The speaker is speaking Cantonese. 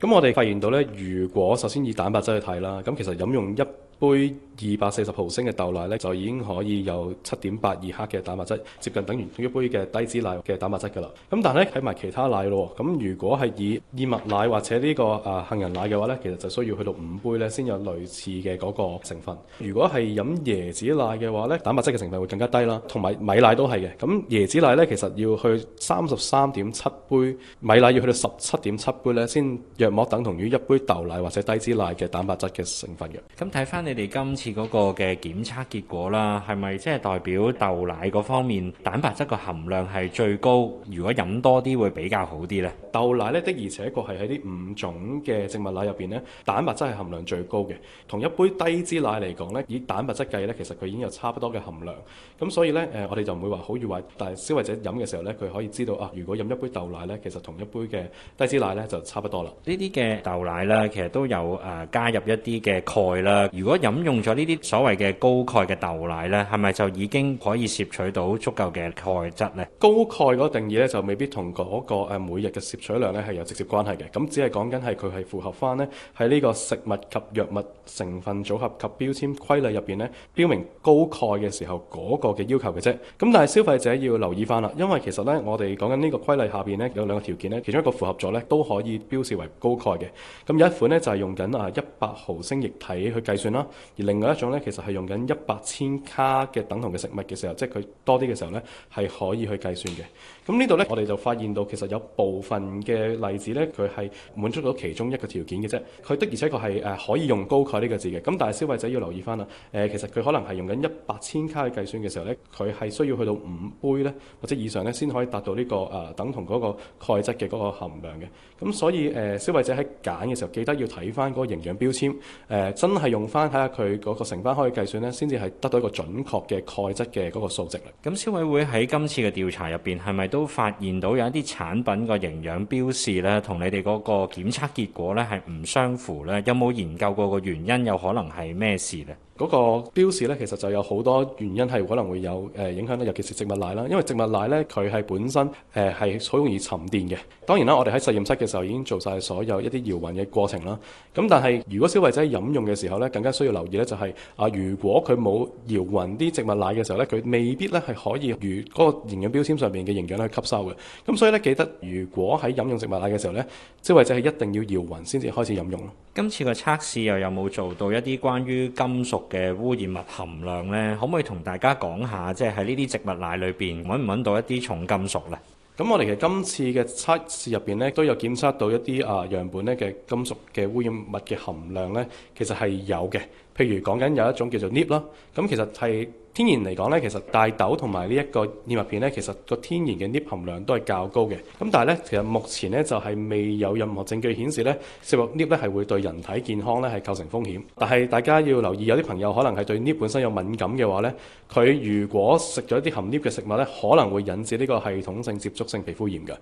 咁我哋發現到咧，如果首先以蛋白質去睇啦，咁其實飲用一杯二百四十毫升嘅豆奶咧，就已經可以有七點八二克嘅蛋白質，接近等於一杯嘅低脂奶嘅蛋白質㗎啦。咁但係咧，睇埋其他奶咯。咁如果係以燕麥奶或者呢、呢個啊杏仁奶嘅話咧，其實就需要去到五杯咧先有類似嘅嗰個成分。如果係飲椰子奶嘅話咧，蛋白質嘅成分會更加低啦，同埋米，米奶都係嘅。咁椰子奶咧，其實要去三十三點七杯，米奶要去到十七點七杯咧，先約莫等同於一杯豆奶或者低脂奶嘅蛋白質嘅成分嘅。咁睇翻。你哋今次嗰個嘅檢測結果啦，係咪即係代表豆奶嗰方面蛋白質嘅含量係最高？如果飲多啲會比較好啲呢？豆奶呢，的而且確係喺呢五種嘅植物奶入邊呢，蛋白質係含量最高嘅。同一杯低脂奶嚟講呢，以蛋白質計呢，其實佢已經有差不多嘅含量。咁所以呢，誒我哋就唔會話好易話，但係消費者飲嘅時候呢，佢可以知道啊，如果飲一杯豆奶呢，其實同一杯嘅低脂奶呢，就差不多啦。呢啲嘅豆奶呢，其實都有誒、呃、加入一啲嘅鈣啦。如果飲用咗呢啲所謂嘅高鈣嘅豆奶呢，係咪就已經可以攝取到足夠嘅鈣質呢？高鈣嗰個定義呢，就未必同嗰個誒每日嘅攝取量呢係有直接關係嘅。咁只係講緊係佢係符合翻呢喺呢個食物及藥物成分組合及標籤規例入邊呢，標明高鈣嘅時候嗰個嘅要求嘅啫。咁但係消費者要留意翻啦，因為其實呢，我哋講緊呢個規例下邊呢，有兩個條件呢，其中一個符合咗呢，都可以標示為高鈣嘅。咁有一款呢，就係用緊啊一百毫升液體去計算啦。而另外一種咧，其實係用緊一百千卡嘅等同嘅食物嘅時候，即係佢多啲嘅時候咧，係可以去計算嘅。咁呢度咧，我哋就發現到其實有部分嘅例子咧，佢係滿足到其中一個條件嘅啫。佢的而且確係誒可以用高鈣呢個字嘅。咁但係消費者要留意翻啦，誒、呃、其實佢可能係用緊一百千卡去計算嘅時候咧，佢係需要去到五杯咧或者以上咧，先可以達到呢、這個誒、呃、等同嗰個鈣質嘅嗰個含量嘅。咁所以誒、呃、消費者喺揀嘅時候，記得要睇翻嗰個營養標籤、呃，真係用翻。佢嗰個成分可以計算咧，先至係得到一個準確嘅鈣質嘅嗰個數值啦。咁消委會喺今次嘅調查入邊，係咪都發現到有一啲產品個營養標示咧，同你哋嗰個檢測結果咧係唔相符咧？有冇研究過個原因有可能係咩事咧？嗰個標示呢，其實就有好多原因係可能會有、呃、影響咧，尤其是植物奶啦，因為植物奶呢，佢係本身誒係好容易沉澱嘅。當然啦，我哋喺實驗室嘅時候已經做晒所有一啲搖勻嘅過程啦。咁但係如果消費者飲用嘅時候呢，更加需要留意呢、就是，就係啊，如果佢冇搖勻啲植物奶嘅時候呢，佢未必呢係可以如嗰、嗰個營養標籤上面嘅營養去吸收嘅。咁所以呢，記得，如果喺飲用植物奶嘅時候呢，消費者係一定要搖勻先至開始飲用。今次個測試又有冇做到一啲關於金屬？嘅污染物含量咧，可唔可以同大家講下，即係喺呢啲植物奶裏邊，揾唔揾到一啲重金屬咧？咁我哋其實今次嘅測試入邊咧，都有檢測到一啲啊樣本咧嘅金屬嘅污染物嘅含量咧，其實係有嘅。譬如講緊有一種叫做鎳啦，咁其實係。天然嚟講呢其實大豆同埋呢一個燕麥片呢，其實個天然嘅鎳含量都係較高嘅。咁但係呢，其實目前呢就係未有任何證據顯示呢，食物鎳咧係會對人體健康呢係構成風險。但係大家要留意，有啲朋友可能係對鎳本身有敏感嘅話呢，佢如果食咗一啲含鎳嘅食物呢，可能會引致呢個系統性接觸性皮膚炎㗎。